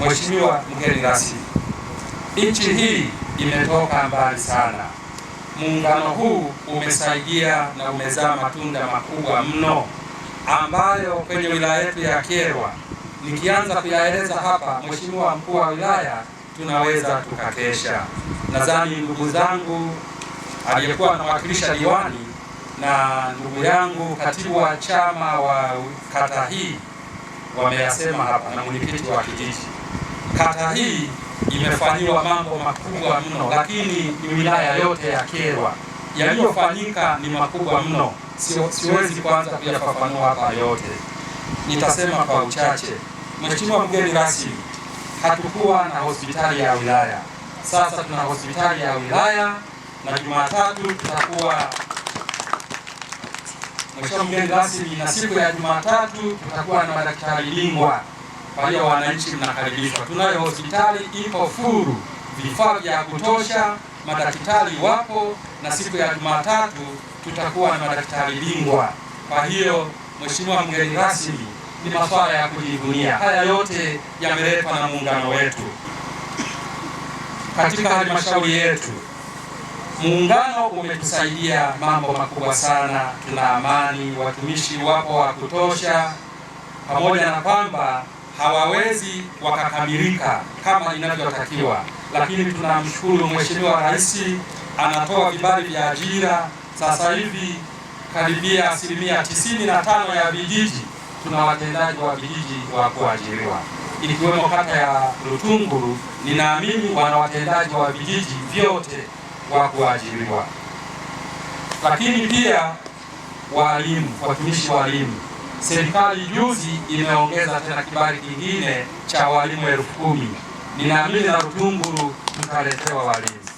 Mheshimiwa mgeni rasmi, nchi hii imetoka mbali sana. Muungano huu umesaidia na umezaa matunda makubwa mno ambayo kwenye wilaya yetu ya Kyerwa nikianza kuyaeleza hapa, Mheshimiwa mkuu wa wilaya, tunaweza tukakesha. Nadhani ndugu zangu aliyekuwa anawakilisha diwani na ndugu yangu katibu wa chama wa kata hii wameyasema hapa na mwenyekiti wa kijiji kata hii imefanyiwa mambo makubwa mno, lakini ni wilaya yote ya Kyerwa yaliyofanyika ni makubwa mno. siwezi kwanza kuyafafanua hapa yote, nitasema kwa uchache. Mheshimiwa mgeni rasmi, hatukuwa na hospitali ya wilaya, sasa tuna hospitali ya wilaya na Jumatatu tutakuwa Mheshimiwa mgeni rasmi, na siku ya Jumatatu tutakuwa na madaktari bingwa kwa hiyo wananchi mnakaribishwa, tunayo hospitali ipo furu, vifaa vya kutosha, madaktari wapo, na siku ya Jumatatu tutakuwa na madaktari bingwa. Kwa hiyo Mheshimiwa mgeni rasmi, ni masuala ya kujivunia. Haya yote yameletwa na muungano wetu katika halmashauri yetu. Muungano umetusaidia mambo makubwa sana, tuna amani, watumishi wapo wa kutosha, pamoja na kwamba hawawezi wakakamilika kama inavyotakiwa, lakini tunamshukuru Mheshimiwa Rais anatoa vibali vya ajira sasa hivi karibia asilimia tisini na tano ya vijiji tuna watendaji wa vijiji wa kuajiriwa ikiwemo kata ya Rutunguru. Ninaamini wana watendaji wa vijiji vyote wa kuajiriwa, lakini pia walimu, watumishi walimu serikali juzi imeongeza tena kibali kingine cha walimu elfu kumi. Ninaamini na Rutunguru tutaletewa walimu.